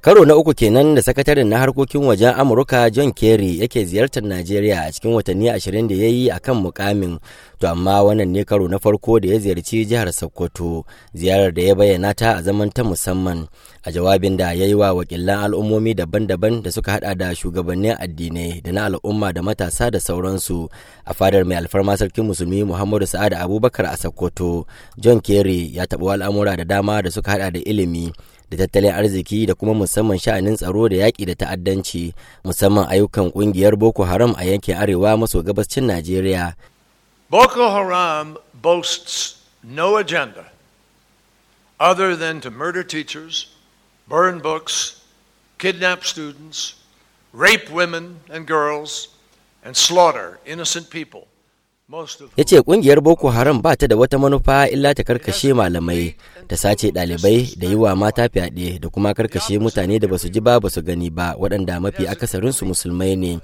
Karo na uku kenan da sakataren na harkokin wajen Amurka John Kerry yake ziyartar Najeriya a cikin watanni ashirin da ya yi a kan mukamin, to amma wannan ne karo na farko da ya ziyarci jihar Sokoto, ziyarar da ya bayyana ta a zaman ta musamman a jawabin da ya yi wa wakilan al'ummomi daban-daban da suka hada da shugabannin addinai da na al'umma da matasa da sauransu a fadar mai alfarma sarkin musulmi Muhammadu Sa'ad Abubakar a Sokoto. John Kerry ya taɓa al'amura da dama da suka hada da ilimi, da tattalin arziki da kuma musamman sha'anin tsaro da yaƙi da ta'addanci musamman ayyukan ƙungiyar boko haram a yankin arewa maso gabascin najeriya boko haram boasts no agenda other than to murder teachers burn books kidnap students rape women and girls and slaughter innocent people ya ce kungiyar boko haram ba ta da wata manufa illa ta karkashe malamai ta sace ɗalibai da yi wa mata fyaɗe da kuma karkashe mutane da basu ji ba basu gani ba waɗanda mafi akasarinsu musulmai ne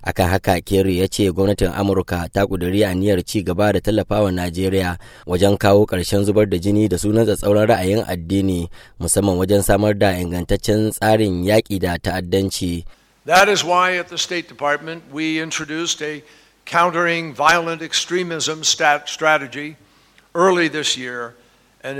akan haka kerry ya ce gwamnatin amurka ta ƙudiri aniyar ci gaba da tallafawa najeriya wajen kawo ƙarshen zubar da jini da sunan tsatsauran ra'ayin addini musamman wajen samar da ingantaccen tsarin yaƙi da ta'addanci That is the State Department we introduced countering violent extremism stat- strategy early this year ya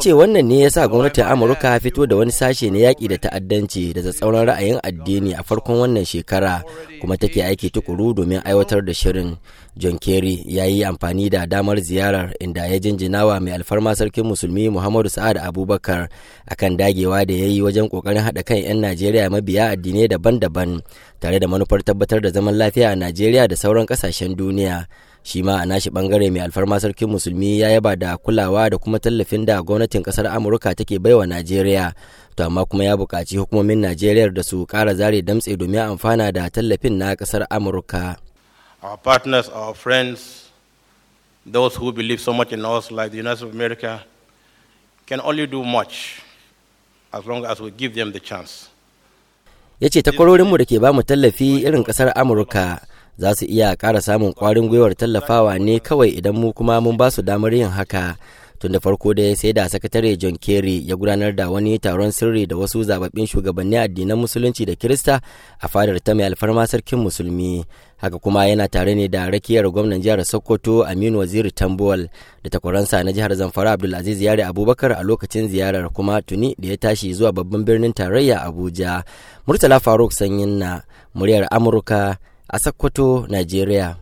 ce wannan ne ya sa gwamnatin amurka fito da wani sashe na yaƙi da ta'addanci da tsauran ra'ayin addini a farkon wannan shekara kuma take aiki tukuru domin aiwatar da shirin john kerry ya yi amfani da damar ziyarar inda ya jinjinawa mai alfarma sarkin musulmi muhammadu sa'ad abubakar akan dagewa da ya yi wajen kokarin haɗa kan 'yan najeriya mabiya addinai daban-daban tare da manufar tabbatar da zaman lafiya a najeriya da sauran kasashen duniya shi ma a nashi bangare mai alfarma sarkin musulmi ya yaba da kulawa da kuma tallafin da gwamnatin kasar amurka take baiwa najeriya to amma kuma ya buƙaci hukumomin najeriya da su ƙara zare damtse domin amfana da tallafin na kasar amurka our partners our friends those who believe so much in us like the united of america can only do much as long as we give them the chance ya ce takwarorinmu da ke ba mu tallafi irin kasar amurka za su iya ƙara samun ƙwarin gwiwar tallafawa ne kawai idan mu kuma mun ba su damar yin haka tun da farko dai sai da sakatare john kerry ya gudanar da wani taron sirri da wasu zababbin shugabanni addinan musulunci da kirista a fadar ta mai alfarma sarkin musulmi haka kuma yana tare ne da rakiyar gwamnan jihar sokoto aminu waziri tambuwal da takwaransa na jihar zamfara abdulaziz yare abubakar a lokacin ziyarar kuma tuni da ya tashi zuwa babban birnin tarayya abuja murtala faruk sanyin na muryar amurka a Sokoto, Najeriya.